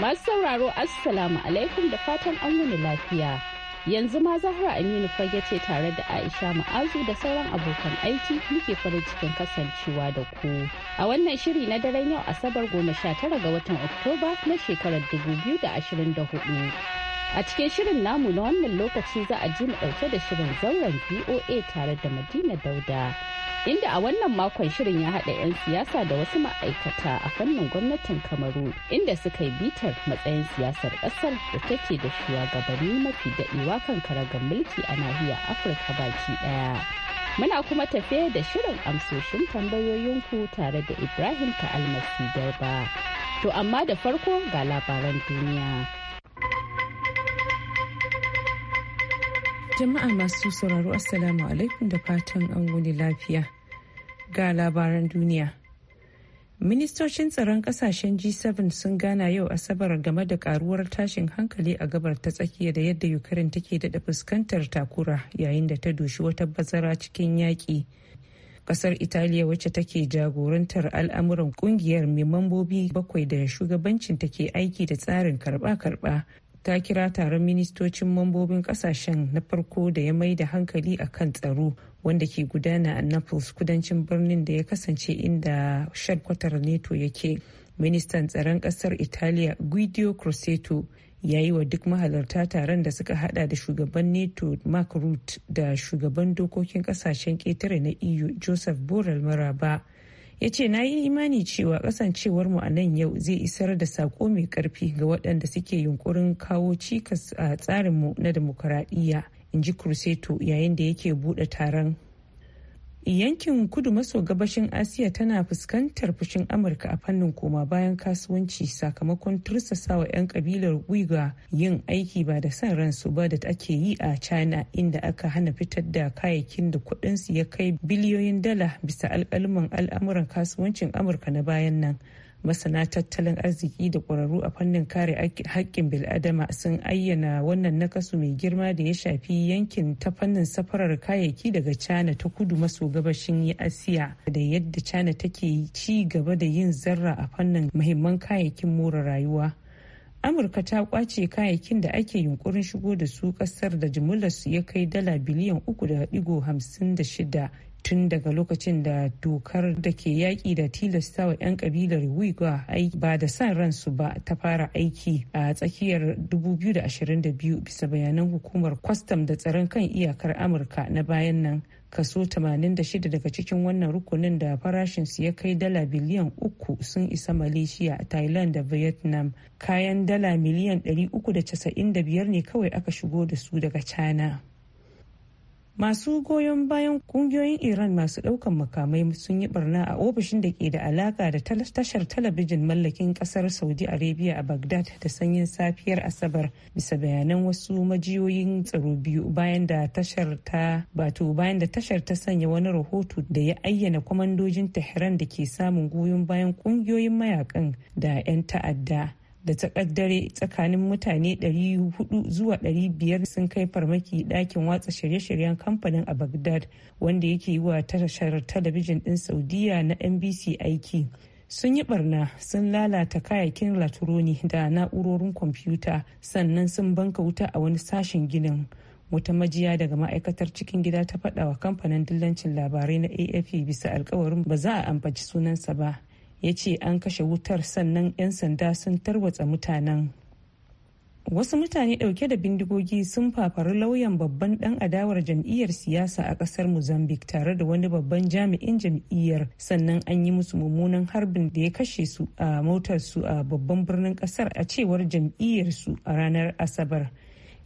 Masu sauraro Assalamu alaikum da fatan an wani lafiya. Yanzu ma Zahra Aminu fage ce tare da Aisha Ma'azu da sauran abokan aiki muke farin cikin kasancewa da ku. A wannan shiri na daren yau Asabar goma sha tara ga watan Oktoba na shekarar dubu biyu da ashirin da hudu. A cikin shirin namu na wannan lokaci za a ji mu ɗauke da shirin zauren VOA tare da Madina Dauda. inda a wannan makon shirin ya haɗa 'yan siyasa da wasu ma'aikata a fannin gwamnatin kamaru inda suka yi bitar matsayin siyasar ƙasar da take da shugabanni mafi daɗewa kan karagar mulki a nahiyar afirka baki ɗaya muna kuma tafe da shirin amsoshin tambayoyinku tare da ibrahim ta almasi garba to amma da farko ga labaran duniya jama'a masu sauraro assalamu alaikum da fatan an wuni lafiya ga labaran duniya. Ministocin tsaron kasashen G7 sun gana yau Asabar game da karuwar tashin hankali a gabar ta tsakiya da yadda Ukraine take daɗa fuskantar takura yayin da ta dushi wata bazara cikin yaƙi. Kasar Italiya wacce take jagorantar al'amuran kungiyar mai mambobi bakwai da shugabancin take aiki da tsarin karɓa-karɓa ta kira taron ministocin mambobin kasashen na farko da ya mai da hankali a kan tsaro wanda ke gudana a naples kudancin birnin da ya kasance inda shakwatar neto yake ministan tsaron kasar italiya guido croceto ya yi wa duk mahalarta taron da suka hada da shugaban neto mark root da shugaban dokokin kasashen ketare na eu joseph borrell maraba ya ce na yi imani cewa kasancewar mu a nan yau zai isar da sako mai karfi ga waɗanda suke yunkurin kawo cikas a tsarinmu na demokuraɗiyya in ji kurseto yayin da yake buɗe taron yankin kudu maso gabashin asiya tana fuskantar fushin amurka a fannin koma bayan kasuwanci sakamakon tursasawa 'yan kabilar uighur yin aiki ba da san ransu ba da ake yi a china inda aka hana fitar da kayayyakin da kudinsu ya kai biliyoyin dala bisa alkalman al'amuran kasuwancin amurka na bayan nan masana tattalin arziki da ƙwararru a fannin kare haƙƙin bil'adama sun ayyana wannan nakasu mai girma da ya shafi yankin ta fannin safarar kayayyaki daga china ta kudu maso gabashin asiya da yadda china take ci gaba da yin zarra a fannin mahimman kayayyakin more rayuwa amurka ta kwace kayayyakin da ake yunkurin shigo da su kasar da jimillarsu ya kai dala biliyan 3.56 tun daga lokacin da dokar da ke yaƙi da tilasta wa 'yan ƙabilar Uyghur ba da san ransu ba ta fara aiki a tsakiyar 2022 bisa bayanan hukumar kwastam da tsaron kan iyakar Amurka na bayan nan. kaso 86 daga cikin wannan rukunin da farashinsu ya kai dala biliyan uku sun isa malaysia thailand da vietnam kayan dala miliyan 395 ne kawai aka shigo da su daga china masu goyon bayan kungiyoyin iran masu ɗaukan makamai sun yi barna a ofishin da ke da alaka da tashar talabijin mallakin ƙasar saudi arabia a bagdad da sanyin safiyar asabar bisa bayanan wasu majiyoyin tsaro biyu bayan da tashar ta bato bayan da tashar ta sanya wani rahoto da ya ayyana kwamandojin tehran da ke samun goyon bayan kungiyoyin mayakan da 'yan ta'adda da ta kaddare tsakanin mutane 400 zuwa 500 sun kai farmaki dakin watsa shirye-shiryen kamfanin a Baghdad wanda yake yi wa tashar talabijin din Saudiya na NBC aiki. Sun yi barna sun lalata kayakin laturoni da na'urorin kwamfuta sannan sun banka wuta a wani sashen ginin. wata majiya daga ma'aikatar cikin gida ta faɗa wa kamfanin dillancin labarai na afp bisa alkawarin ba za a ambaci sunansa ba ya ce an kashe wutar sannan 'yan sanda sun tarwatsa mutanen wasu mutane dauke da bindigogi sun fafari lauyan babban dan adawar jam'iyyar siyasa a kasar mozambique tare da wani babban jami'in jam'iyyar sannan an yi musu mummunan harbin da ya kashe su a motarsu a babban birnin kasar a cewar jam'iyyar su a ranar asabar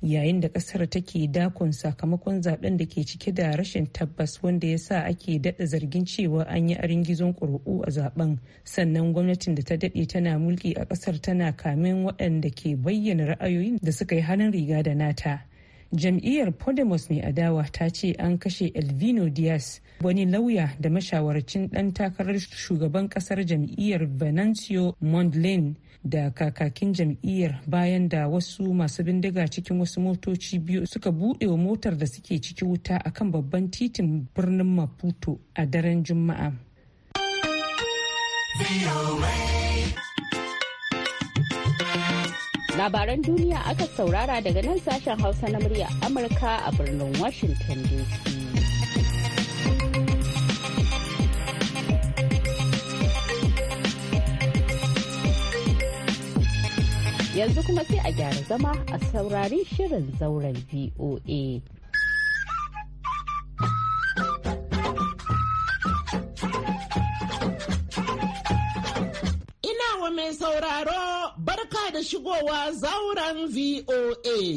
yayin da kasar take dakon sakamakon zaben da ke cike da rashin tabbas wanda ya sa ake daɗa zargin cewa an yi arin gizon ƙuri'u a zaben sannan gwamnatin da ta daɗe tana mulki a ƙasar tana kamin waɗanda ke bayyana ra'ayoyin da suka yi hannun riga da nata jam'iyyar podemos mai adawa ta ce an kashe elvino diaz wani lauya da mashawarcin dan takarar shugaban kasar jam'iyyar venancio mondlane da kakakin jam'iyyar bayan da wasu masu bindiga cikin wasu motoci biyu suka buɗe wa motar da suke ciki wuta a kan babban titin birnin maputo a daren juma'a. Labaran duniya aka saurara daga nan sashen Hausa na murya Amurka a birnin Washington DC. Yanzu kuma sai a gyara zama a saurari shirin zauren VOA. Ina wa mai sauraro da shigowa zauren VOA.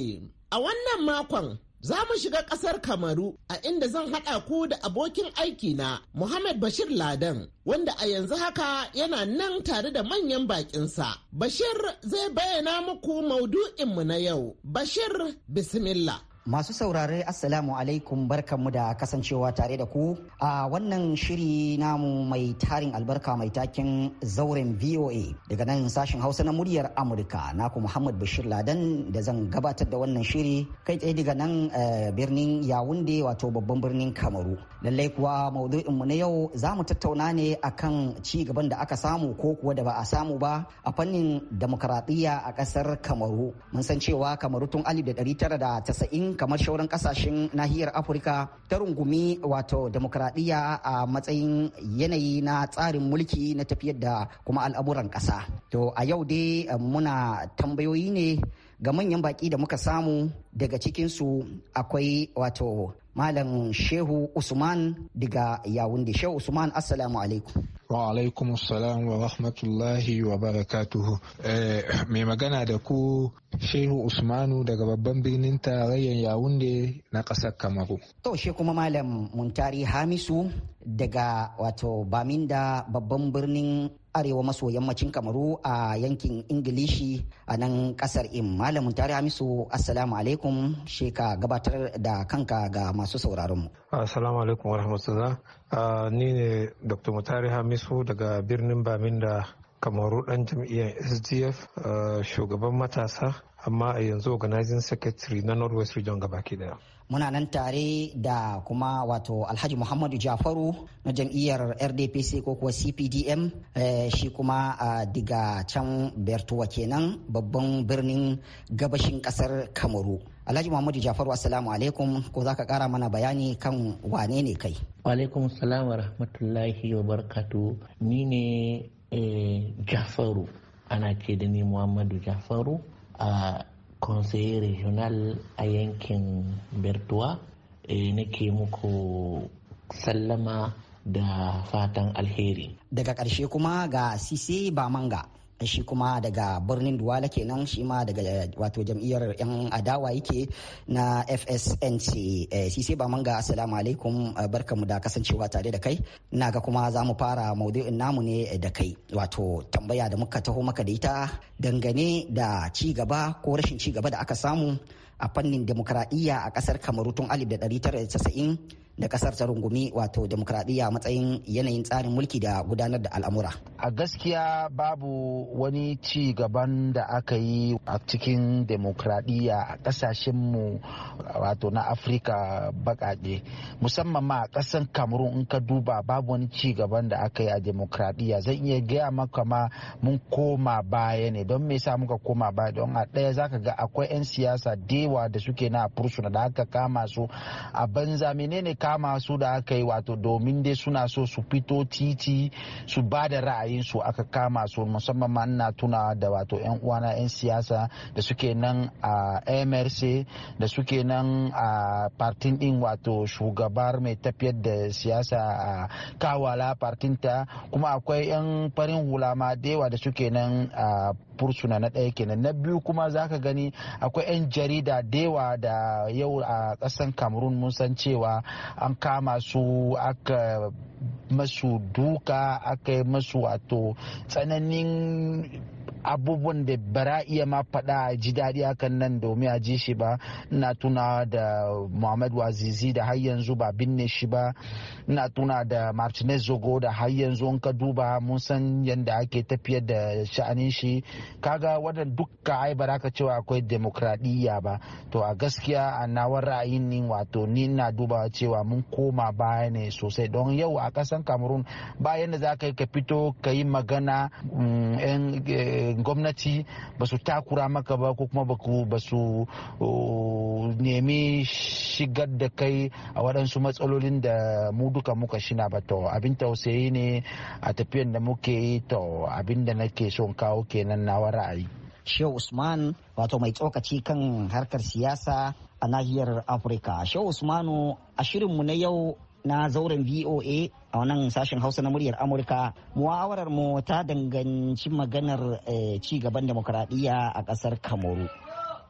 A wannan makon za mu shiga ƙasar Kamaru a inda zan haɗa ku da abokin aikina Muhammad Bashir Ladan wanda a yanzu haka yana nan tare da manyan baƙinsa. Bashir zai bayyana muku maudu'inmu na yau. Bashir Bismillah. Masu saurare Assalamu alaikum barkanmu da kasancewa tare da ku a wannan shiri namu mai tarin albarka mai takin zauren VOA daga nan sashen Hausa na muryar Amurka naku Muhammad Bashir Ladan da zan gabatar da wannan shiri kai tsaye daga nan eh, birnin Yawunde wato babban birnin Kamaru. Lallai kuwa maudu'in mu na yau za mu tattauna ne akan ci gaban da aka samu ko kuwa da ba a samu ba a fannin demokaradiyya a kasar Kamaru. Mun san cewa Kamaru tun da da 1990 kamar shauran kasashen nahiyar afirka ta rungumi wato demokradiyya a matsayin yanayi na tsarin mulki na tafiyar da kuma al'amuran ƙasa to a yau dai eh, muna tambayoyi ne ga manyan baki da muka samu daga cikinsu akwai wato malam shehu usman daga yawun shehu usman assalamu alaikum wa alaikum salam wa rahmatullahi wa barakatuhu eh, mai magana da ku shehu usmanu daga babban birnin tarayyar yawunde na ƙasar kamaru to shi kuma malam muntari hamisu daga wato baminda babban birnin arewa maso yammacin kamaru a yankin ingilishi a nan kasar im malamin tare hamisu assalamu alaikum shi ka gabatar da kanka ga masu sauraron mu assalamu alaikum wa rahmatullah ni ne dr mutari hamisu daga birnin baminda kamaru dan jam'iyyar sdf shugaban matasa amma a yanzu organizing secretary na northwest region gabaki daya muna nan tare da kuma wato alhaji muhammadu jafaru na jam'iyyar rdpc ko kuwa cpdm eh, shi kuma diga can bertuwa kenan babban birnin gabashin kasar kamaru alhaji muhammadu jafaru assalamu alaikum ko za ka kara mana bayani kan wane ne kai alaikum salam wa rahmatullahi wa barkatu ni ne eh, jafaru ana ce da ni muhammadu jafaru a conseiller regional a yankin bertuwa nake muku sallama da fatan alheri daga ƙarshe kuma ga sisi bamanga shi kuma daga birnin duwala kenan shi ma daga wato jam'iyyar yan adawa yake na fsnc eh, sise ba manga assalamu alaikum eh, barkamu da kasancewa tare da kai na ga kuma za mu fara maudu'in namu ne da kai wato tambaya da muka taho maka da ita dangane da ci gaba ko rashin ci gaba da aka samu a fannin demokradiyya a ƙasar kamaru tun 1990 da kasar ta rungumi wato demokradiyya matsayin yanayin tsarin mulki da gudanar da al'amura a gaskiya babu wani ci gaban da aka yi a cikin demokradiyya a kasashen mu wato na afirka baƙaƙe musamman ma a kasan kamerun in ka duba babu wani ci gaban da aka yi a demokradiyya zan iya gaya maka ma mun koma baya ne don me sa muka koma baya don a ɗaya zaka ga akwai 'yan siyasa dewa da suke na fursuna da aka kama su a banza menene ka kama su da aka yi wato domin dai suna so su fito titi su ba da ra'ayinsu aka kama su musamman ma ina tuna da wato 'yan uwana 'yan siyasa da suke nan a mrc da suke nan a partin din wato shugabar mai tafiyar da siyasa a kawala partinta kuma akwai 'yan farin hula ma da yawa da suke nan a fursuna na ɗaya kenan na biyu kuma za ka gani akwai 'yan jarida dewa da yau a ƙasan cameroon mun san cewa an kama su aka masu duka aka yi masu wato tsananin abubuwan da bara iya ma faɗa ji daɗi hakan nan domin a ji shi ba na tuna da muhammad wazizi da har yanzu ba binne shi ba na tuna da martinez zogo da har yanzu ka duba mun san yadda ake tafiyar da sha'anin shi kaga wadan dukka ai ba ka cewa akwai demokradiyya ba to a gaskiya a nawar ra'ayin ni wato ni na duba cewa mun koma baya ne sosai don yau a kasan cameroon bayan da za ka yi ka fito ka yi magana mm, 'yan eh, Eh, gwamnati ba su takura maka ba ko kuma ba su nemi shigar da kai a waɗansu matsalolin da mu duka muka shina ba to abin tausayi ne a tafiyan da muke yi to abin da nake son kawo kenan na ra'ayi. Shehu Usman wato mai tsokaci kan harkar siyasa a nahiyar Afirka. Shehu Usmanu a shirinmu na yau na zauren VOA a wannan sashen Hausa na muryar Amurka. Muhawarar mu ta danganci maganar eh, ci gaban demokuraɗiyya a ƙasar Kamaru.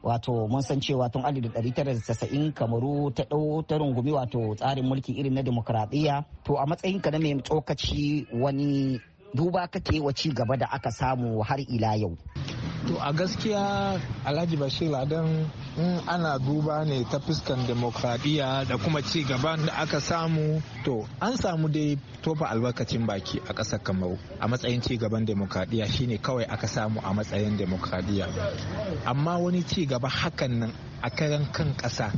Wato mun san cewa tun 1990 Kamaru ta ɗau ta rungumi wato tsarin mulki irin na demokuraɗiyya. To a matsayin ka na mai tsokaci wani duba kake wa ci gaba da aka samu har ila yau. To a gaskiya Alhaji Bashir Ladan in ana duba ne ta fuskan demokradiyya da kuma ci gaban da aka samu to an samu dai tofa albarkacin baki a ƙasar kamaru a matsayin ci gaban demokradiyya shine kawai aka samu a matsayin demokradiyya amma wani ci gaba hakan nan a karan kan ƙasa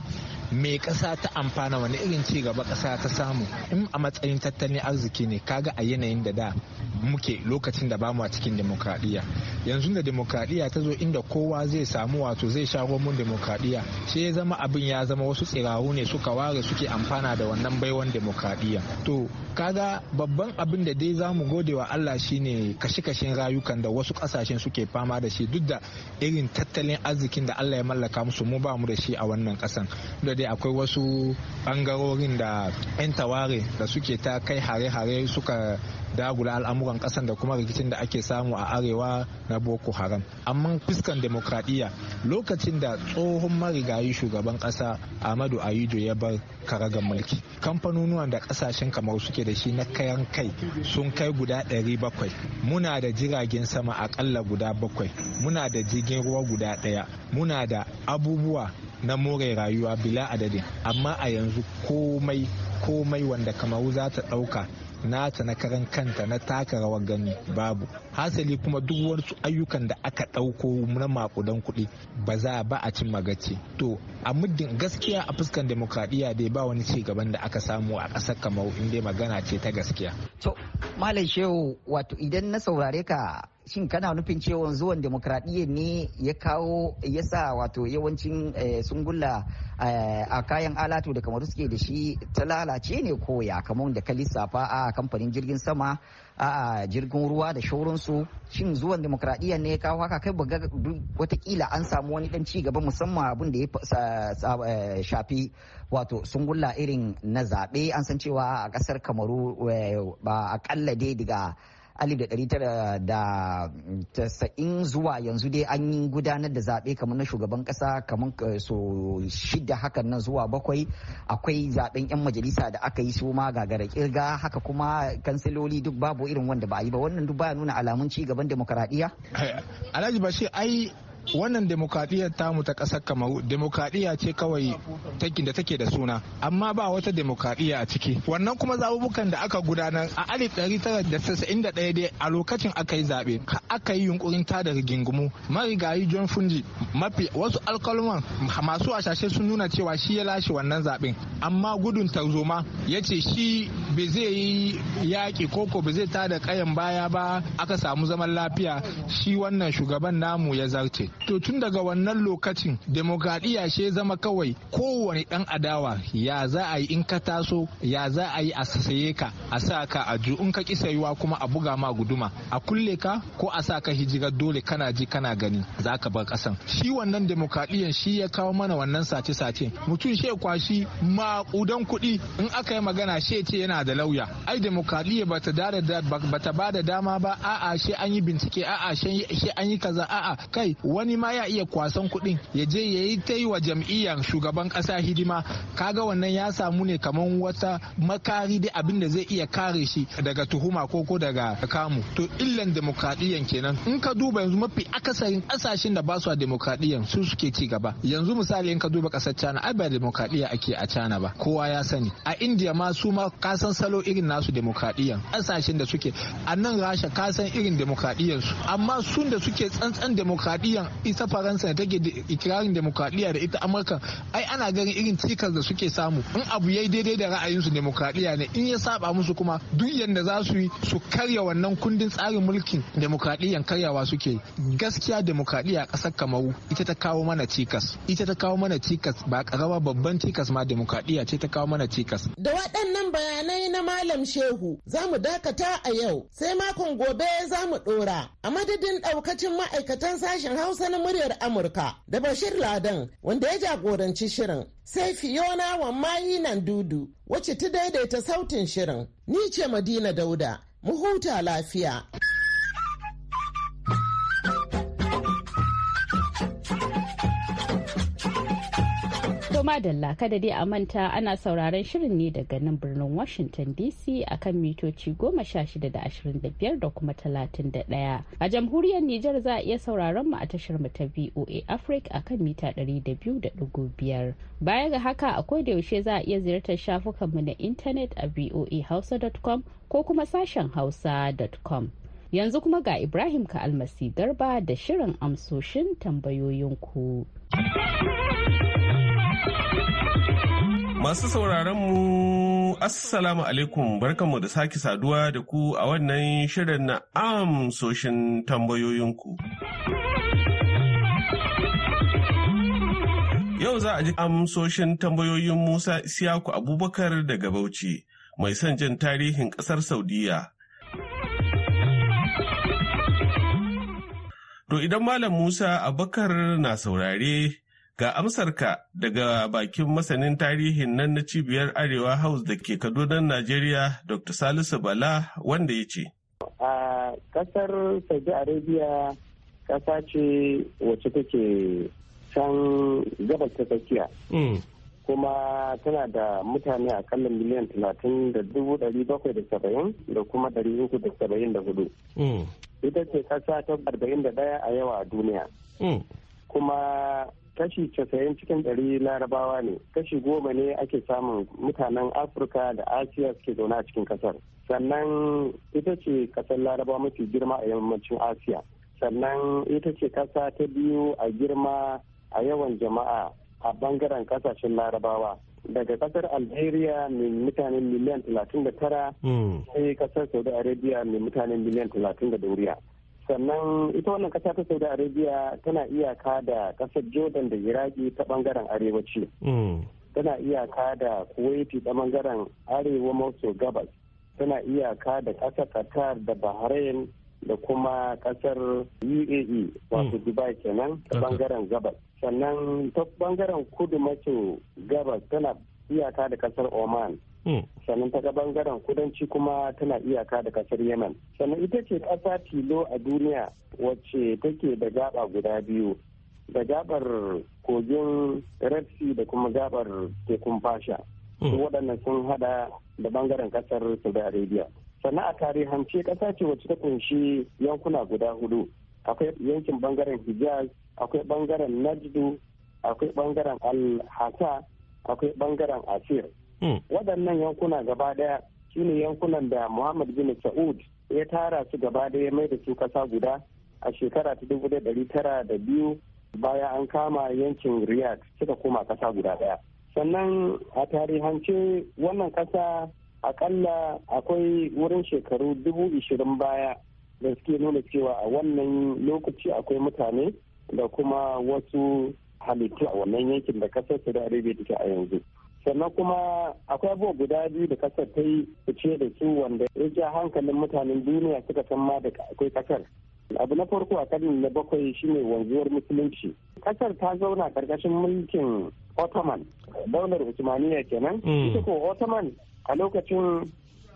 me ƙasa ta amfana wani irin ci gaba kasa ta samu in a matsayin tattalin arziki ne kaga a yanayin da da muke lokacin da bamu a cikin demokradiyya yanzu da demokradiyya ta zo inda kowa zai samu wato zai sha mun demokradiyya sai ya zama abin ya zama wasu tsirahu ne suka ware suke amfana da wannan baiwan demokradiyya to kaga babban abin da dai zamu gode wa Allah shine kashe-kashen rayukan da wasu kasashen suke fama da shi duk da irin tattalin arzikin da Allah ya mallaka musu mu ba mu da shi a wannan kasan da dai akwai wasu bangarorin da 'yan taware da suke ta kai hare-hare suka dagula al'amuran kasan da kuma rikicin da ake samu a arewa na boko haram amma fuskan demokradiyya lokacin da tsohon marigayi shugaban kasa amadu ayijo ya bar karagar mulki kamfanonuwan da kasashen kamar suke da shi na kayan kai sun kai guda 700 muna da jiragen sama akalla guda bakwai muna da jirgin ruwa guda daya muna da abubuwa na more rayuwa bila adadin amma a yanzu komai komai wanda kamaru za ta ɗauka nata na karan kanta na taka rawar gani babu hasali kuma duk wasu ayyukan da aka ɗauko na makudan kuɗi ba za ba a cin magace to a muddin gaskiya a fuskan demokradiyya dai ba wani ci gaban da aka samu a ƙasar kamau inda magana ce ta gaskiya to malam shehu wato idan na saurare ka shin kana nufin cewa zuwan demokradiyya ne ya kawo ya sa wato yawancin eh, sungulla eh, a kayan alatu da kamar suke da shi ta lalace ne ko ya kamar da ka lissafa a kamfanin jirgin sama a jirgin ruwa da shauransu shin zuwan demokradiyya ne ya kawo haka kai baga watakila an samu wani dan ci gaba musamman abin da ya eh, shafi wato sungulla irin na zaɓe an san cewa a kasar kamaru ba a dai daga 1990 zuwa yanzu dai an yi gudanar da zaɓe kamar na shugaban ƙasa kamar eh, so shida hakan nan zuwa bakwai akwai zaɓen 'yan majalisa da aka yi su ma gagara kirga haka kuma kansiloli duk babu irin wanda ba a yi ba wannan duk baya nuna alamun ci gaban demokaradiyya alhaji shi ai wannan demokradiyyar tamu ta kasar kamaru demokradiyya ce kawai da take da suna amma ba wata demokradiyya a ciki wannan kuma zabubukan da aka gudanar a alif ɗari tara da casa'in da ɗaya dai a lokacin aka yi zaɓe aka yi yunkurin tada rigingimu marigayi john funji mafi wasu alkalman masu ashashe sun nuna cewa shi ya lashe wannan zaɓen amma gudun tarzoma ya ce shi bazai zai yi yaƙi koko ba zai tada kayan baya ba aka samu zaman lafiya shi wannan shugaban namu ya zarce to tun daga wannan lokacin demokradiyya shi zama kawai kowane dan adawa ya za a yi in ka taso ya za a yi a saye ka a sa ka a ju in ka kisa yiwa kuma a buga ma guduma a kulle ka ko a sa ka hijira dole kana ji kana gani za ka bar kasan shi wannan demokradiyyan shi ya kawo mana wannan sace-sace mutum shi kwashi maƙudan kuɗi in aka yi magana shi ce yana da lauya ai demokradiyya bata dare ba bada dama ba a'a she an yi bincike a'a she an yi kaza a'a kai wani ma ya iya kwasan kuɗin ya je ya yi ta yi wa jam'iyyar shugaban kasa hidima kaga wannan ya samu ne kamar wata makari da abin da zai iya kare shi daga tuhuma ko ko daga kamu to illan demokradiyyan kenan in ka duba yanzu mafi akasarin ƙasashen da ba su a demokradiyyan su suke ci gaba yanzu misali in ka duba ƙasar China ai ba demokradiyya ake a China ba kowa ya sani a India ma su ma kasan salo irin nasu demokradiyan kasashen da suke a nan rasha kasan irin demokradiyan amma sun da suke tsantsan demokradiyan isa faransa da take ikirarin demokradiyya da ita amurka ai ana ganin irin cikas da suke samu in abu yayi daidai da ra'ayinsu demokradiyya ne in ya saba musu kuma duk yanda za su yi su karya wannan kundin tsarin mulkin demokradiyyan karyawa suke gaskiya demokradiyya kasar kamaru ita ta kawo mana cikas ita ta kawo mana cikas ba karama babban cikas ma demokradiyya ce ta kawo mana cikas da waɗannan bayanai na Malam Shehu za mu dakata a yau sai makon gobe za mu ɗora. A madadin ɗaukacin ma'aikatan sashen Hausa na muryar Amurka da Bashir Ladan wanda ya jagoranci shirin. Sai Fiona Wammayi nan dudu wacce ta daidaita sautin shirin. Ni ce Madina Dauda, mu huta lafiya. madalla da dai a manta ana sauraron shirin ne daga nan birnin Washington DC akan mitoci goma sha shida da ashirin da biyar da kuma talatin da ɗaya. A jamhuriyar Nijar za a iya sauraron mu a tashar mu ta VOA Africa akan mita ɗari da biyu da ɗigo biyar. Baya ga haka a da yaushe za a iya ziyartar shafukan mu na intanet a voahausa.com ko kuma sashen hausa.com. Yanzu kuma ga Ibrahim ka almasi Garba da shirin amsoshin tambayoyinku. Masu sauraron mu Assalamu alaikum barkanmu da sake saduwa da ku a wannan shirin na amsoshin tambayoyinku. Yau za a ji amsoshin tambayoyin Musa Isiyaku Abubakar daga Bauchi, mai son jin tarihin ƙasar Saudiya. To idan Malam Musa Abubakar na saurare Ga amsarka daga bakin masanin tarihin nan na cibiyar Arewa House da ke Kaduna, Najeriya, Dr. Salisu Bala, wanda ya ce. A ƙasar Saudi Arabia ƙasa ce wacce take can gabas ta tsakiya. Hmm. Kuma tana da mutane a kallon miliyan talatin da dubu ɗari bakwai da saba'in da kuma ɗari uku da saba'in da hudu. Hmm. Ita ce ƙasa ta arba'in da ɗaya a yawa a duniya. Hmm. Kuma kashi casa'in cikin ɗari larabawa ne kashi goma ne ake samun mutanen afirka da asiya suke zaune a cikin kasar sannan ita ce kasar larabawa mafi girma a yammacin asiya sannan ita ce kasa ta biyu a girma a yawan jama'a a bangaren kasashen larabawa daga kasar algeria mai mutane miliyan 39 hmm. sai kasar saudi arabia mai mutane miliyan 30 da dauriya sannan ita wannan kasa ta saudi arabia tana iyaka da kasar jordan da iraki ta bangaren arewaci mm. tana iyaka da kuwaiti ta bangaren arewa maso gabas tana iyaka da kasar qatar da bahrain da kuma kasar uae wato mm. dubai kenan ta bangaren gabas sannan ta bangaren kudu maso gabas tana iyaka da kasar oman Hmm. sannan ta bangaren kudanci kuma tana iyaka da kasar yemen sannan ita ce ƙasa tilo a duniya wacce take da gaba guda biyu da gabar kogin red sea da kuma gabar tekun fasha hmm. waɗannan sun hada da bangaren kasar saudi arabia sannan a tarihance ƙasa ce wacce ta kunshi yankuna guda hudu akwai yankin bangaren hijaz akwai bangaren najdu akwai bangaren alhasa akwai bangaren asir Hmm. waɗannan yankuna gaba ɗaya ne yankunan da muhammad bin sa'ud ya tara su gaba ɗaya mai da su ƙasa guda a shekara ta dubu da ɗari tara da biyu baya an kama yankin riyad suka koma ƙasa guda ɗaya sannan a tarihance wannan ƙasa akalla akwai wurin shekaru dubu ishirin baya da suke nuna cewa a wannan lokaci akwai mutane da kuma wasu halittu a wannan yankin da kasar su da arabia take a yanzu sannan kuma akwai abubuwa guda biyu da kasar ta yi fice da su wanda ya ja hankalin mutanen duniya suka san ma da akwai kasar abu na farko a karni na bakwai shine wanzuwar musulunci kasar ta zauna karkashin mulkin ottoman daular usmaniya kenan hmm. ita ko ottoman a lokacin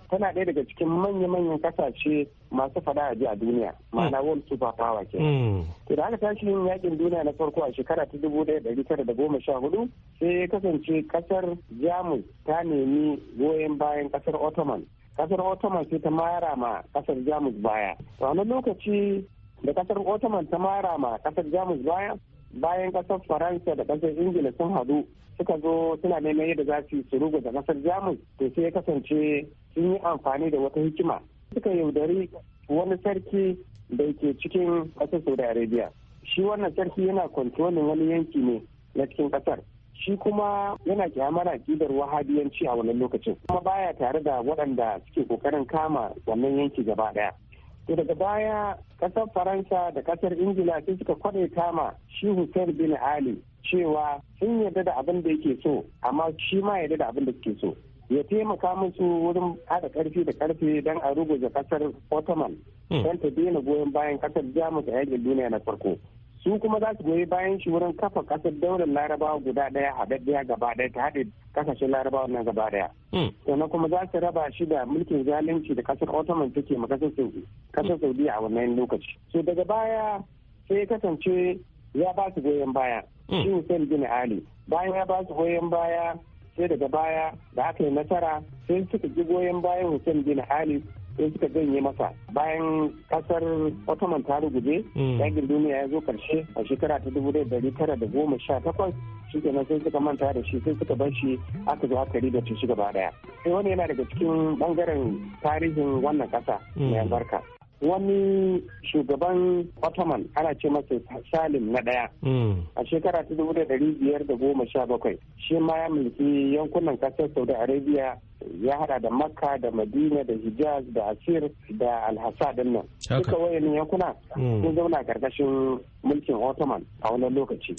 tana ɗaya daga cikin manya-manyan kasashe masu fada a a duniya ma'ana hmm. world super power ke hmm. to da aka tashi yin yakin duniya na farko a shekara ta dubu ɗaya ɗari tara da goma sha hudu sai ya kasance kasar jamus ta nemi goyon bayan kasar ottoman kasar ottoman sai ta mara ma kasar jamus baya to a lokaci da kasar ottoman ta mara ma kasar jamus baya bayan kasar faransa da kasar ingila sun hadu suka zo suna neman yadda za su su rugu da kasar jamus to sai ya kasance sun yi amfani da wata hikima suka yaudari wani sarki da ke cikin kasar saudi arabia shi wannan sarki yana kwantolin wani yanki ne na cikin kasar shi kuma yana kyamar akidar wahabiyanci a wannan lokacin kuma baya tare da waɗanda suke kokarin kama wannan yanki gaba daya to daga baya kasar faransa da kasar ingila sun suka kwaɗe ma shi hussein bin ali cewa sun yarda da abin da yake so amma shi ma yarda da abin da suke so ya taimaka musu wurin haɗa ƙarfi da ƙarfe don a ruguza kasar ottoman hmm. don ta daina goyon bayan kasar jamus a yakin duniya na farko su kuma za su goyi bayan shi wurin kafa kasar daular larabawa guda ɗaya haɗaɗɗiya gaba ɗaya ta haɗe kasashe larabawa na gaba daya hmm. sannan kuma za su raba shi da mulkin zalunci da kasar ottoman take ma kasar saudiya hmm. a wannan lokaci so daga baya sai kasance ya ba su goyon baya hmm. shi hussein gina ali bayan ya ba su goyon baya sai daga baya da aka yi nasara sai suka ji goyon bayan hussein gina ali sai suka janye masa bayan kasar ottoman ta ruguje yakin hmm. duniya ya zo karshe a shekara ta dubu dari tara da goma sha takwas shikenan sai suka manta da shi sai suka bar shi aka zo aka riba shi gaba daya sai wani yana daga cikin bangaren tarihin wannan kasa mai hmm. albarka wani shugaban ottoman ana ce masa salim na ɗaya hmm. a shekara ta dubu da dari biyar da goma sha bakwai shi ma ya mulki yankunan ƙasar saudi arabia ya hada da makka da madina da hijaz da asir da alhassa din nan duka wayannan yankuna hmm. sun zauna karkashin mulkin ottoman a wani lokaci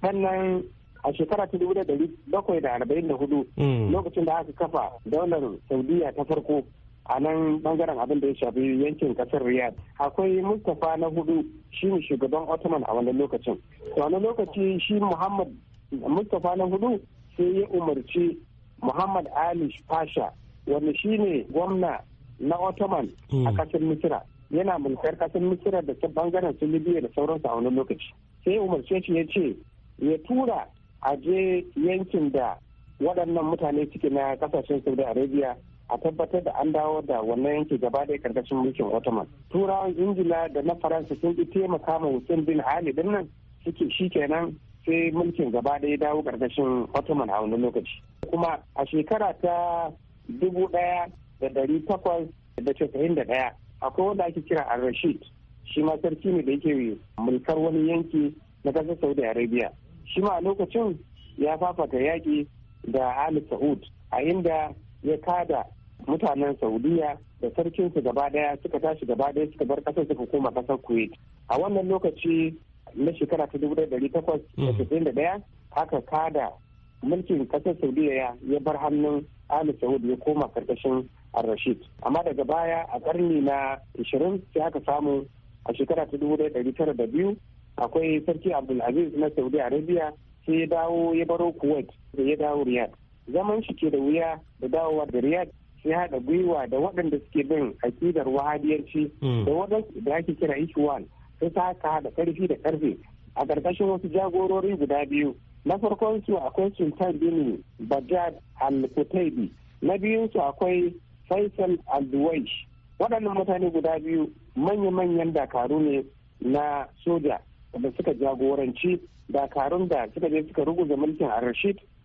sannan a shekara ta dubu da dari bakwai da arba'in da hudu hmm. lokacin da aka kafa daular saudiya ta farko a nan bangaren abin da ya shafi yankin kasar riyadh akwai mustapha na hudu shi ne shugaban ottoman a wani lokacin to wani lokaci shi muhammad mustapha na hudu sai ya umarci muhammad ali pasha wanda ne gwamna na ottoman a kasar hmm. misira yana mulkar kasar misira da ta bangaren su libya da sauransu a wani lokaci sai ya umarce shi ya ce ya tura a je yankin da waɗannan mutane suke na kasashen saudi arabia a tabbatar da an dawo da wannan yanki gaba da karkashin mulkin ottoman turawan ingila da na faransa sun bi taimaka ma hussein bin ali din nan suke shi kenan sai mulkin gaba ya dawo karkashin ottoman a wani lokaci kuma a shekara ta dubu daya da dari takwas da casa'in da daya akwai wanda ake kira a rashid shi ma sarki ne da yake mulkar wani yanki na ƙasar saudi arabia shi ma a lokacin ya fafata yaƙi da ali sa'ud a inda ya kada mutanen saudiya da sarkinsu gaba daya suka tashi gaba daya suka bar kasar suka koma kasar kuwait a wannan lokaci na shekara ta dubu dari takwas da mm. da daya aka kada mulkin kasar saudiya ya bar hannun ali saud ya koma karkashin rashid amma daga baya a karni na ashirin sai aka samu a shekara ta dubu dari tara da biyu akwai sarki abdulaziz na saudi arabia sai ya dawo ya baro kuwait da ya dawo riyad zaman shi ke da wuya da dawowa da riyadh sai haɗa gwiwa da waɗanda suke bin akidar wahadiyarci hmm. da waɗansu da ake kira ikhwan sai ta haka haɗa ƙarfi da ƙarfe a ƙarƙashin wasu jagorori guda biyu na farkon su akwai sultan bini bajad al-kutaibi na biyun su akwai faisal al-duwaish waɗannan mutane guda biyu manya-manyan dakaru ne na soja da suka jagoranci dakarun da suka je suka ruguza mulkin a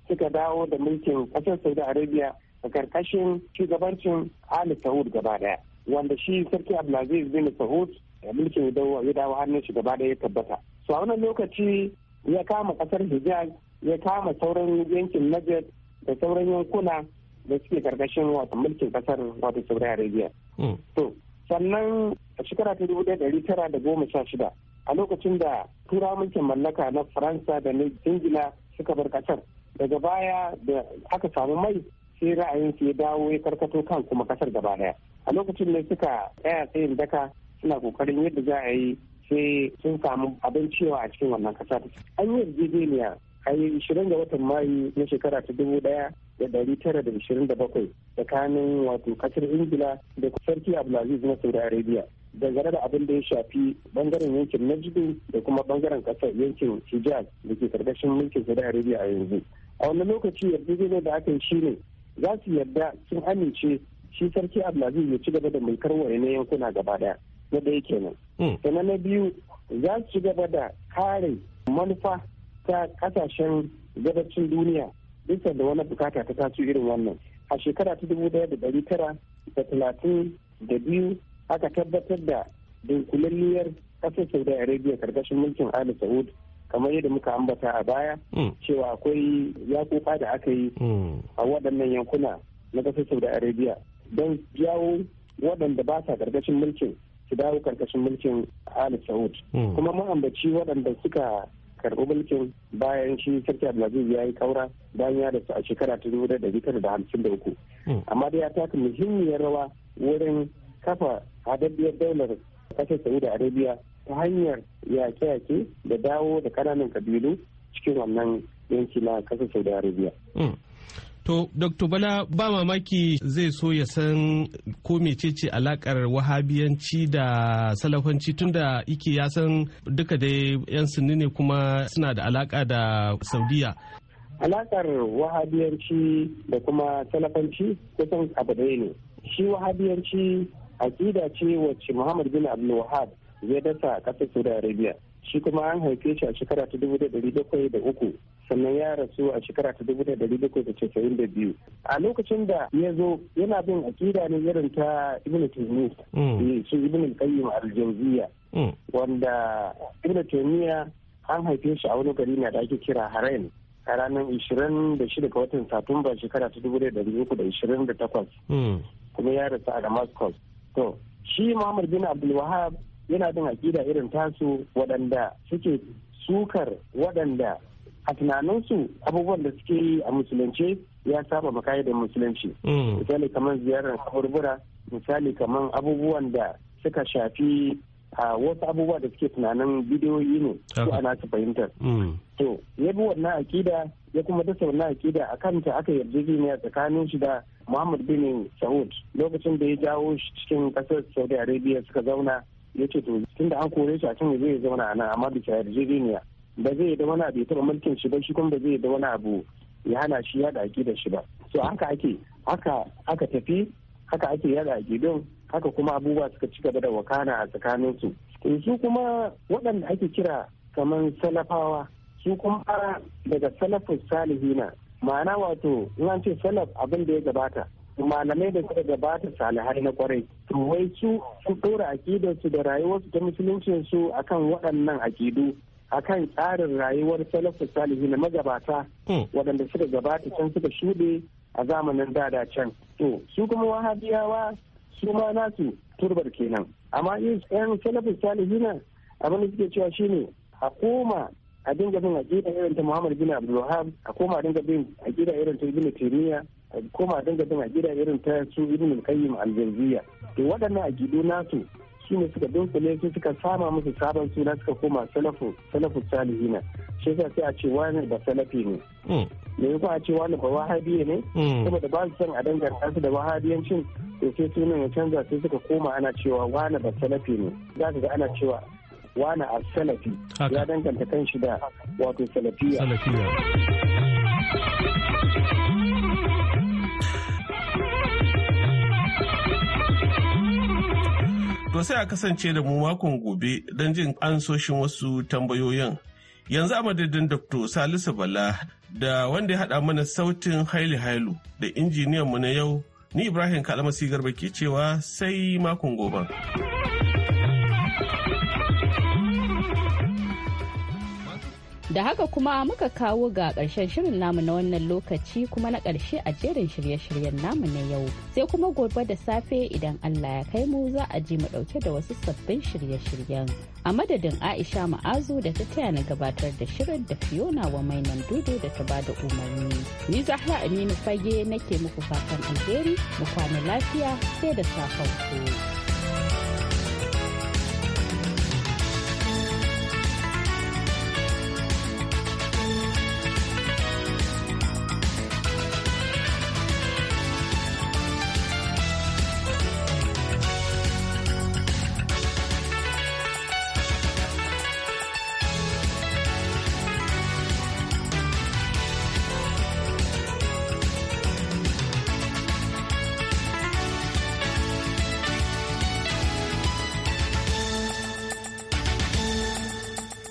suka dawo da mulkin ƙasar saudi arabia a karkashin shugabancin ali saud gaba daya wanda shi sarki abdulaziz bin saud eh, mulkin ya dawo hannun shi gaba daya ya tabbata su a wannan lokaci ya kama kasar hijaz ya kama sauran yankin najd da sauran yankuna da suke karkashin wato mulkin kasar wato saudi arabia hmm. to sannan a shekara ta dubu ɗaya tara da goma sha shida a lokacin da tura mulkin mallaka na faransa da na ingila suka bar ƙasar daga baya da aka samu mai sai ra'ayin su ya dawo ya karkato kan kuma kasar gaba daya a lokacin ne suka tsaya tsayin daka suna kokarin yadda za a yi sai sun samu abin cewa a cikin wannan kasar an yi yarjejeniya a yi ishirin ga watan mayu na shekara ta dubu daya da dari tara da ishirin da bakwai tsakanin wato kasar ingila da sarki abdulaziz na saudi arabia dangane da abin da ya shafi bangaren yankin najd da kuma bangaren kasar yankin hijaz da ke karkashin mulkin saudi arabia a yanzu a wani lokaci yarjejeniyar da aka yi shine za su yarda sun amince shi sarki abdulaziz ya ci gaba da mulkar na yankuna gaba daya na daya kenan hmm. sannan na biyu za su ci gaba da kare manufa ta kasashen gabacin duniya bisa da wani bukata ta taso irin wannan a shekara ta dubu daya da dari tara da talatin da biyu aka tabbatar da dunkulalliyar ƙasar saudi arabia karkashin mulkin ali saud kamar yadda muka ambata a baya hmm. cewa akwai yakuka da aka yi hmm. a waɗannan yankuna na ƙasar saudi arabia don jawo waɗanda ba sa ƙarƙashin mulkin su dawo ƙarƙashin mulkin ali saud hmm. kuma ma'ambaci waɗanda suka karɓi mulkin bayan shi sarki abdulaziz ya yi kaura bayan ya su a shekara ta dubu da tara da hamsin da uku amma dai ya taka muhimmiyar rawa wurin kafa hadaddiyar daular ƙasar saudi arabia ta hanyar yaƙe-yaƙe da dawo da ƙananan kabilu cikin wannan yanki na ƙasar saudi arabia hmm. To, Dr. Bala ba mamaki zai so ya san ko mecece alakar wahabiyanci da salafanci tunda ike ya san duka dai 'yan sunni ne kuma suna da alaka da Saudiya. Alakar wahabiyanci da kuma salafanci kusan abu ne. Shi wahabiyanci aƙida ce wacce Muhammad bin Abdul Wahab ya dasa a ƙasar saudi arabia shi kuma an haife shi a shekara ta dubu ɗari bakwai da uku sannan ya rasu a shekara ta dubu ɗari bakwai da casa'in da biyu a lokacin da ya zo yana bin aƙida ne irin ta ibn taymiya hmm. eh, su ibn qayyim al-jawziyya hmm. wanda ibn taymiya an haife shi a wani gari na da ake kira harain a ranar ishirin da shida ga watan satumba shekara ta dubu ɗari uku da ishirin da takwas hmm. kuma ya rasu a damascus to shi muhammad bin abdulwahab yana bin aƙida irin tasu waɗanda suke sukar waɗanda a tunaninsu abubuwan da suke yi a musulunci ya saba da musulunci hmm. misali kamar ziyarar kaburbura misali kamar abubuwan da suka shafi a wasu abubuwa da suke tunanin bidiyoyi ne su ana su fahimtar hmm. to ya bi wannan akida ya kuma dasa wannan akida a kanta aka yarda yarjejeniya tsakanin shi da muhammad bin saud lokacin da ya jawo shi cikin kasar saudi arabia suka zauna ya ce to tun da an kore shi a can zai zauna a nan amma bisa yarjejeniya ba zai yi da wani abu ya taɓa mulkin shi ba shi kuma ba zai yi da wani abu ya hana shi yada da shi ba to haka ake haka aka tafi haka ake yada don haka kuma abubuwa suka ci gaba da wakana a tsakanin su su kuma waɗanda ake kira kamar salafawa su kuma daga salafin salihina ma'ana wato in an ce salaf abin da ya gabata malamai da suka gabata salihai na kwarai to wai su su dora akidarsu da rayuwarsu ta musuluncin su akan waɗannan akidu akan tsarin rayuwar salafu salihi na magabata hmm. waɗanda suka gabata can suka shuɗe a zamanin dada can to su kuma wahabiyawa su ma nasu turbar kenan amma yan salafu salihi na abin da suke cewa shine a koma a dinga bin aƙida irin ta muhammad bin abdulwahab a koma a dinga bin aƙida irin ta ibn taymiya koma dinga a gida irin ta su irin al-qayyim to waɗannan gido nasu su ne suka dunkule su suka sama musu sabon suna suka koma salafu salafu salihina shi yasa sai a ce wani ba salafi ne hmm. me yasa a ce wani ba wahabiye ne hmm. saboda ba su son a danganta su da wahabiyancin to sai sunan ya canza sai suka koma ana cewa wani ba salafi ne za ka ga ana cewa wani a salafi ya danganta kan shi da wato salafiya To sai a kasance da mu makon gobe don jin ansoshin wasu tambayoyin. Yanzu a madadin Dr. Salisu Bala da wanda ya haɗa mana sautin Haili Hailu da injiniyan mu na yau, ni Ibrahim kalamasi Garba ke cewa sai makon gobe. Da haka kuma muka kawo ga ƙarshen shirin namu na wannan lokaci kuma na ƙarshe a jerin shirye-shiryen namu na yau. Sai kuma gobe da safe idan Allah ya kai mu za a ji mu ɗauke da wasu sabbin shirye-shiryen. A madadin Aisha Ma'azu da ta taya na gabatar da shirin da Fiona wa mainan dudu da ta bada umarni. Ni Zahra Aminu Fage nake muku fatan alheri mu kwana lafiya sai da safen ku.